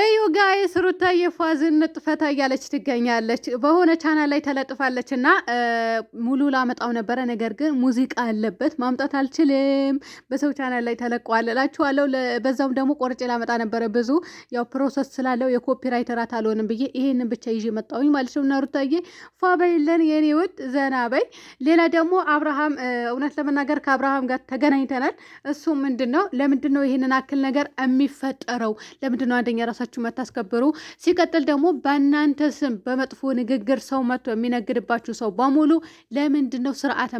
እዩ ጋይስ ሩታዬ ፏ ዝንጥ ፈታ እያለች ትገኛለች። በሆነ ቻናል ላይ ተለጥፋለች እና ሙሉ ላመጣው ነበረ፣ ነገር ግን ሙዚቃ አለበት ማምጣት አልችልም። በሰው ቻናል ላይ ተለቋል እላችኋለሁ። በዛውም ደግሞ ቆርጬ ላመጣ ነበረ፣ ብዙ ያው ፕሮሰስ ስላለው የኮፒራይት አልሆንም ብዬ ይሄንን ብቻ ይዤ መጣሁኝ ማለት ነው። እና ሩታዬ ፏ የኔ ውድ ዘና በይ። ሌላ ደግሞ አብርሃም፣ እውነት ለመናገር ከአብርሃም ጋር ተገናኝተናል። እሱ ምንድን ነው ለምንድን ነው ይሄንን አክል ነገር የሚፈጠረው? ለምንድን ነው አንደኛ ራሳችሁ መታስከብሩ። ሲቀጥል ደግሞ በእናንተ ስም በመጥፎ ንግግር ሰው መጥቶ የሚነግድባችሁ ሰው በሙሉ ለምንድን ነው ስርዓት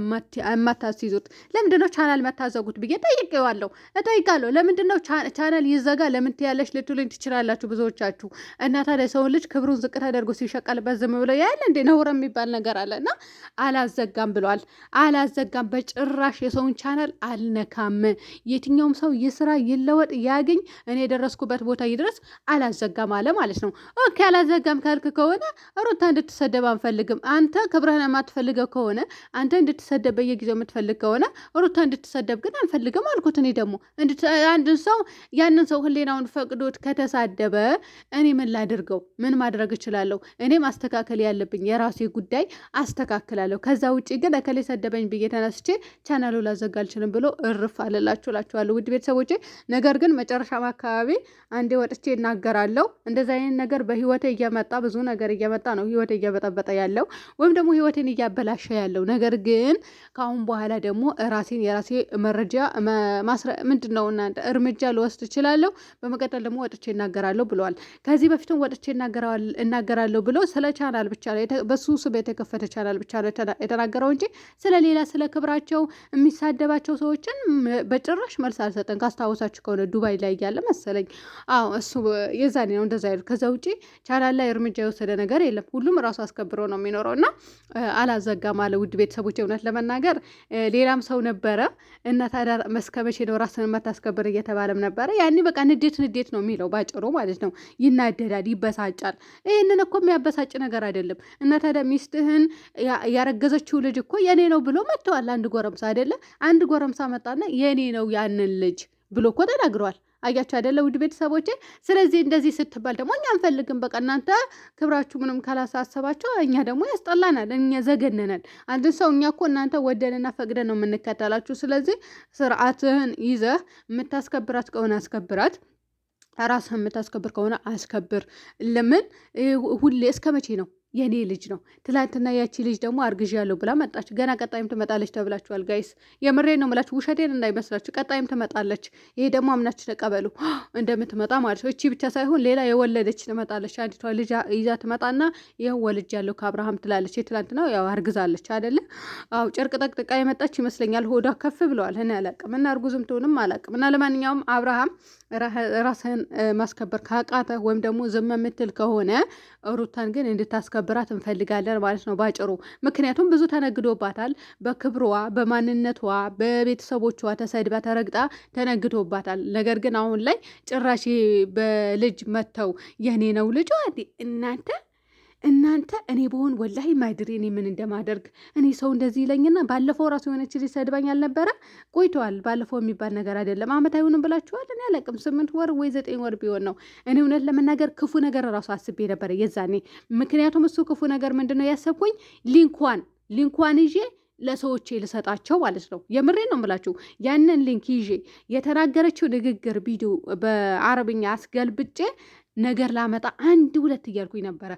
የማታስይዙት? ለምንድን ነው ቻናል መታዘጉት ብዬ ጠይቀዋለሁ፣ እጠይቃለሁ። ለምንድን ነው ቻናል ይዘጋ ለምን ትያለሽ ልትሉኝ ትችላላችሁ ብዙዎቻችሁ። እና ታዲያ ሰውን ልጅ ክብሩን ዝቅ ተደርጎ ሲሸቀልበት ዝም ብለው ያለ እንዴ? ነውር የሚባል ነገር አለ እና አላዘጋም ብሏል። አላዘጋም በጭራሽ የሰውን ቻናል አልነካም። የትኛውም ሰው ይስራ፣ ይለወጥ፣ ያገኝ እኔ የደረስኩበት ቦታ ይድረስ። አላዘጋም አለ ማለት ነው። ኦኬ አላዘጋም ካልክ ከሆነ ሩታ እንድትሰደብ አንፈልግም። አንተ ክብረህን የማትፈልገው ከሆነ አንተ እንድትሰደብ በየጊዜው የምትፈልግ ከሆነ ሩታ እንድትሰደብ ግን አንፈልግም አልኩት። እኔ ደግሞ አንድን ሰው ያንን ሰው ህሌናውን ፈቅዶት ከተሳደበ እኔ ምን ላድርገው? ምን ማድረግ እችላለሁ? እኔ ማስተካከል ያለብኝ የራሴ ጉዳይ አስተካክላለሁ። ከዛ ውጭ ግን እከሌ ሰደበኝ ብዬ ተነስቼ ቻናሉ ላዘጋ አልችልም ብሎ እርፍ አለላችሁ እላችኋለሁ ውድ ቤተሰቦቼ። ነገር ግን መጨረሻም አካባቢ አንዴ ወጥቼ እናገራለሁ። እንደዚህ አይነት ነገር በህይወቴ እየመጣ ብዙ ነገር እየመጣ ነው ህይወቴ እየበጠበጠ ያለው ወይም ደግሞ ህይወቴን እያበላሸ ያለው ነገር ግን ከአሁን በኋላ ደግሞ ራሴን የራሴ መረጃ ምንድን ነው እናንተ እርምጃ ልወስድ እችላለሁ። በመቀጠል ደግሞ ወጥቼ እናገራለሁ ብለዋል። ከዚህ በፊትም ወጥቼ እናገራለሁ ብሎ ስለ ቻናል ብቻ ነው በሱ ስም የተከፈተ ቻናል ብቻ ነው የተናገረው እንጂ ስለ ሌላ ስለ ክብራቸው የሚሳደባቸው ሰዎችን በጭራሽ መልስ አልሰጠን። ካስታወሳችሁ ከሆነ ዱባይ ላይ እያለ መሰለኝ አዎ እሱ የዛኔ ነው እንደዛ ያሉት። ከዛ ውጪ ቻናል ላይ እርምጃ የወሰደ ነገር የለም። ሁሉም ራሱ አስከብሮ ነው የሚኖረው እና አላዘጋም አለ። ውድ ቤተሰቦች እውነት ለመናገር ሌላም ሰው ነበረ እና ታዲያ እስከ መቼ ነው ራስን የማታስከብር እየተባለም ነበረ። ያኔ በቃ ንዴት ንዴት ነው የሚለው ባጭሩ ማለት ነው። ይናደዳል፣ ይበሳጫል። ይህንን እኮ የሚያበሳጭ ነገር አይደለም። እና ታዲያ ሚስትህን ያረገዘችው ልጅ እኮ የኔ ነው ብሎ መጥተዋል። አንድ ጎረምሳ አይደለም አንድ ጎረምሳ መጣና የኔ ነው ያንን ልጅ ብሎ እኮ ተናግረዋል። አያቸው አይደለ? ውድ ቤተሰቦቼ። ስለዚህ እንደዚህ ስትባል ደግሞ እኛ አንፈልግም። በቃ እናንተ ክብራችሁ ምንም ካላሳሰባቸው እኛ ደግሞ ያስጠላናል፣ እኛ ዘገነናል። አንድ ሰው እኛ እኮ እናንተ ወደንና ፈቅደን ነው የምንከተላችሁ። ስለዚህ ስርዓትህን ይዘህ የምታስከብራት ከሆነ አስከብራት ራስህ የምታስከብር ከሆነ አስከብር። ለምን ሁሌ እስከ መቼ ነው የኔ ልጅ ነው። ትላንትና ያቺ ልጅ ደግሞ አርግዥ ያለው ብላ መጣች። ገና ቀጣይም ትመጣለች ተብላችኋል ጋይስ። የምሬ ነው የምላችሁ፣ ውሸቴን እንዳይመስላችሁ። ቀጣይም ትመጣለች። ይሄ ደግሞ አምናችሁ ተቀበሉ እንደምትመጣ ማለት ነው። እቺ ብቻ ሳይሆን ሌላ የወለደች ትመጣለች። አንዲቷ ልጅ ይዛ ትመጣና ይኸው ያለው ከአብርሃም ትላለች። ትላንትናው ያው አርግዛለች አደለ? አው ጨርቅ ጠቅጥቃ የመጣች ይመስለኛል። ሆዷ ከፍ ብለዋል። እኔ አላቅም እና እርጉዝም ትሆንም አላቅም እና ለማንኛውም አብርሃም ራስህን ማስከበር ካቃተህ ወይም ደግሞ ዝም የምትል ከሆነ ሩታን ግን እንድታስከ እንድትከብራት እንፈልጋለን ማለት ነው ባጭሩ። ምክንያቱም ብዙ ተነግዶባታል። በክብሯ፣ በማንነቷ፣ በቤተሰቦቿ ተሰድባ ተረግጣ ተነግዶባታል። ነገር ግን አሁን ላይ ጭራሽ በልጅ መጥተው የኔ ነው ልጇ እናንተ እናንተ እኔ በሆን ወላሂ ማይድሬ እኔ ምን እንደማደርግ እኔ ሰው እንደዚህ ይለኝና፣ ባለፈው ራሱ የሆነች ሰድባኝ አልነበረ ቆይተዋል። ባለፈው የሚባል ነገር አይደለም። አመት አይሆንም ብላችኋል። እኔ አላቅም፣ ስምንት ወር ወይ ዘጠኝ ወር ቢሆን ነው። እኔ እውነት ለመናገር ክፉ ነገር ራሱ አስቤ ነበረ የዛኔ። ምክንያቱም እሱ ክፉ ነገር ምንድን ነው ያሰብኩኝ፣ ሊንኳን ሊንኳን ይዤ ለሰዎቼ ልሰጣቸው ማለት ነው። የምሬ ነው ምላችሁ። ያንን ሊንክ ይዤ የተናገረችው ንግግር ቪዲዮ በአረብኛ አስገልብጬ ነገር ላመጣ አንድ ሁለት እያልኩኝ ነበረ።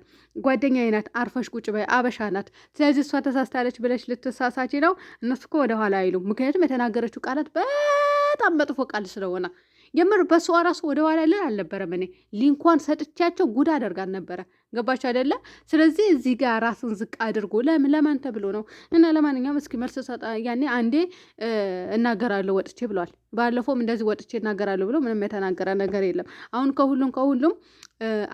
ጓደኛዬ ናት፣ አርፈሽ ቁጭ በይ፣ አበሻ ናት። ስለዚህ እሷ ተሳስታለች ብለሽ ልትሳሳች ነው። እነሱ እኮ ወደኋላ አይሉም፣ ምክንያቱም የተናገረችው ቃላት በጣም መጥፎ ቃል ስለሆነ ጀምር በሷ ራሱ ወደኋላ ልል አልነበረም። እኔ ሊንኳን ሰጥቻቸው ጉድ አደርጋል ነበረ። ገባቸው አይደለ? ስለዚህ እዚህ ጋር ራስን ዝቅ አድርጎ ለምን ለማን ተብሎ ነው? እና ለማንኛውም እስኪ መልስ ሰጣ። ያኔ አንዴ እናገራለሁ ወጥቼ ብሏል። ባለፈውም እንደዚህ ወጥቼ እናገራለሁ ብሎ ምንም የተናገረ ነገር የለም። አሁን ከሁሉም ከሁሉም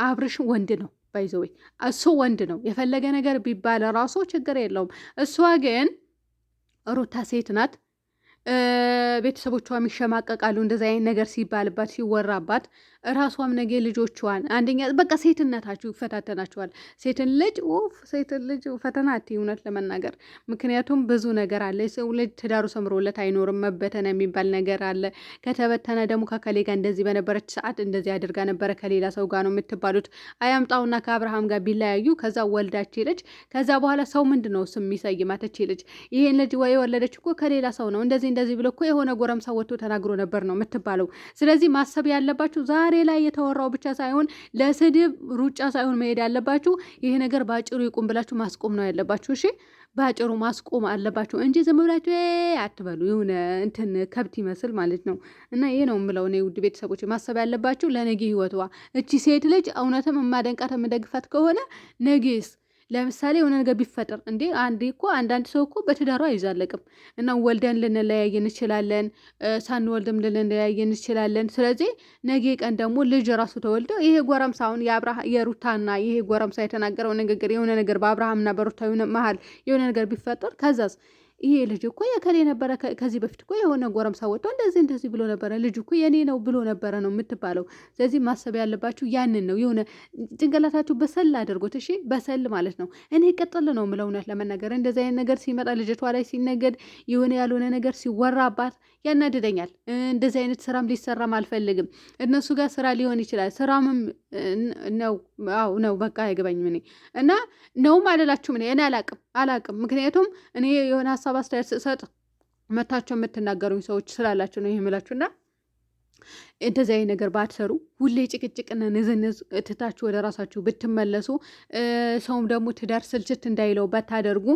አብርሽ ወንድ ነው ባይዘወይ እሱ ወንድ ነው። የፈለገ ነገር ቢባል ራሱ ችግር የለውም። እሷ ግን ሩታ ሴት ናት። ቤተሰቦቿም ይሸማቀቃሉ። እንደዚ አይነት ነገር ሲባልባት ሲወራባት፣ እራሷም ነገ ልጆቿን አንደኛ በቃ ሴትነታችሁ ይፈታተናችኋል። ሴትን ልጅ ፍ ሴትን ልጅ ፈተና አት እውነት ለመናገር ምክንያቱም ብዙ ነገር አለ። ሰው ልጅ ትዳሩ ሰምሮለት አይኖርም። መበተነ የሚባል ነገር አለ። ከተበተነ ደግሞ ከከሌ ጋር እንደዚህ በነበረች ሰዓት እንደዚህ አድርጋ ነበረ ከሌላ ሰው ጋር ነው የምትባሉት። አያምጣውና ከአብርሃም ጋር ቢለያዩ ከዛ ወልዳች ልጅ ከዛ በኋላ ሰው ምንድን ነው ስም የሚሰይማተች ልጅ ይህን ልጅ የወለደች እኮ ከሌላ ሰው ነው እንደዚህ እንደዚህ ብሎ እኮ የሆነ ጎረምሳ ወጥቶ ተናግሮ ነበር ነው የምትባለው። ስለዚህ ማሰብ ያለባችሁ ዛሬ ላይ የተወራው ብቻ ሳይሆን ለስድብ ሩጫ ሳይሆን መሄድ ያለባችሁ ይሄ ነገር በአጭሩ ይቁም ብላችሁ ማስቆም ነው ያለባችሁ። እሺ በአጭሩ ማስቆም አለባችሁ እንጂ ዝም ብላችሁ አትበሉ። የሆነ እንትን ከብት ይመስል ማለት ነው። እና ይሄ ነው የምለው እኔ ውድ ቤተሰቦች ማሰብ ያለባችሁ ለነጌ ህይወቷ። እቺ ሴት ልጅ እውነትም የማደንቃት የምደግፋት ከሆነ ነጌስ ለምሳሌ የሆነ ነገር ቢፈጠር እንዴ አንዴ እኮ አንዳንድ ሰው እኮ በትዳሩ አይዛለቅም እና ወልደን ልንለያይ እንችላለን፣ ሳንወልድም ልንለያይ እንችላለን። ስለዚህ ነገ ቀን ደግሞ ልጅ ራሱ ተወልደ ይሄ ጎረምሳ አሁን የሩታና ይሄ ጎረምሳ የተናገረው ንግግር የሆነ ነገር በአብርሃምና በሩታ መሀል የሆነ ነገር ቢፈጠር ከዛስ ይሄ ልጅ እኮ የከሌ ነበረ፣ ከዚህ በፊት እኮ የሆነ ጎረምሳ ወጥቶ እንደዚህ እንደዚህ ብሎ ነበረ፣ ልጅ እኮ የኔ ነው ብሎ ነበረ ነው የምትባለው። ስለዚህ ማሰብ ያለባችሁ ያንን ነው። የሆነ ጭንቅላታችሁ በሰል አድርጎት፣ እሺ፣ በሰል ማለት ነው። እኔ ቀጥል ነው የምለው እውነት ለመናገር እንደዚህ አይነት ነገር ሲመጣ ልጅቷ ላይ ሲነገድ፣ የሆነ ያልሆነ ነገር ሲወራባት ያናድደኛል። እንደዚህ አይነት ስራም ሊሰራም አልፈልግም። እነሱ ጋር ስራ ሊሆን ይችላል ስራምም ነው አዎ ነው በቃ አይገባኝም። እኔ እና ነውም አልላችሁም። እኔ እኔ አላቅም አላቅም። ምክንያቱም እኔ የሆነ ሀሳብ አስተያየት ስሰጥ መታቸው የምትናገሩኝ ሰዎች ስላላችሁ ነው ይህ እንደዚህ አይነት ነገር ባትሰሩ፣ ሁሌ ጭቅጭቅና ንዝንዝ ትታችሁ ወደ ራሳችሁ ብትመለሱ፣ ሰውም ደግሞ ትዳር ስልችት እንዳይለው ባታደርጉ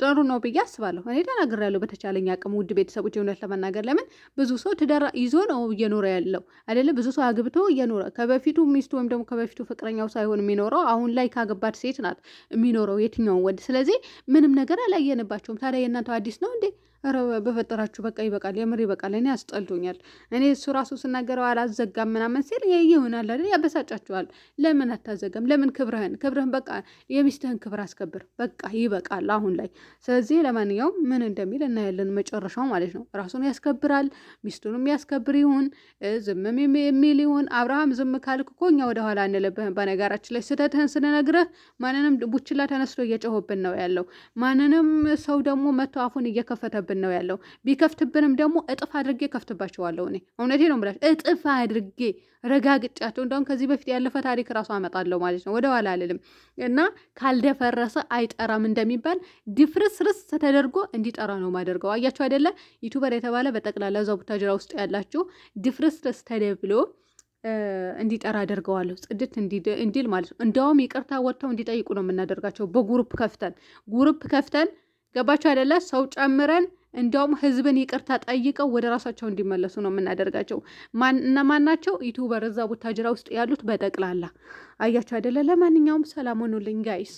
ጥሩ ነው ብዬ አስባለሁ። እኔ ያለው በተቻለኝ አቅም ውድ ቤተሰቦች፣ እውነት ለመናገር ለምን ብዙ ሰው ትዳር ይዞ ነው እየኖረ ያለው አይደለ? ብዙ ሰው አግብቶ እየኖረ ከበፊቱ ሚስቱ ወይም ደግሞ ከበፊቱ ፍቅረኛው ሳይሆን የሚኖረው አሁን ላይ ካገባት ሴት ናት የሚኖረው የትኛውን ወንድ። ስለዚህ ምንም ነገር አላየንባቸውም። ታዲያ የእናንተው አዲስ ነው እንዴ? በፈጠራችሁ በቃ ይበቃል፣ የምር ይበቃል። እኔ አስጠልቶኛል። እኔ እሱ ራሱ ስናገረው አላዘጋም ምናምን ሲል ይሆናል አይደል? ያበሳጫችኋል። ለምን አታዘጋም? ለምን ክብርህን ክብርህን በቃ የሚስትህን ክብር አስከብር። በቃ ይበቃል አሁን ላይ። ስለዚህ ለማንኛውም ምን እንደሚል እናያለን መጨረሻው ማለት ነው። ራሱን ያስከብራል፣ ሚስቱንም ያስከብር ይሁን፣ ዝምም የሚል ይሁን። አብርሃም ዝም ካልክ እኮ እኛ ወደኋላ እንለብህም። በነገራችን ላይ ስህተትህን ስንነግረህ ማንንም ቡችላ ተነስቶ እየጮኸብን ነው ያለው። ማንንም ሰው ደግሞ መቶ አፉን እየከፈተ እየከፈተብን ነው ያለው። ቢከፍትብንም ደግሞ እጥፍ አድርጌ ከፍትባቸዋለሁ። እኔ እውነቴ ነው ብላችሁ እጥፍ አድርጌ ረጋግጫቸው። እንደውም ከዚህ በፊት ያለፈ ታሪክ ራሱ አመጣለሁ ማለት ነው። ወደኋላ አልልም እና ካልደፈረሰ አይጠራም እንደሚባል ድፍርስርስ ተደርጎ እንዲጠራ ነው ማደርገው። አያቸው አይደለ? ዩቱበር የተባለ በጠቅላላ እዛው ቡታጅራ ውስጥ ያላችሁ ርስ ተደብሎ እንዲጠራ አደርገዋለሁ። ጽድት እንዲል ማለት ነው። እንደውም ይቅርታ ወጥተው እንዲጠይቁ ነው የምናደርጋቸው። በጉሩፕ ከፍተን ጉሩፕ ከፍተን ገባቸው አይደለ? ሰው ጨምረን እንደውም ህዝብን ይቅርታ ጠይቀው ወደ ራሳቸው እንዲመለሱ ነው የምናደርጋቸው። እና ማናቸው ዩቱበር እዛ ቡታጅራ ውስጥ ያሉት በጠቅላላ አያቸው አይደለ? ለማንኛውም ሰላም ሆኑልኝ ጋይስ።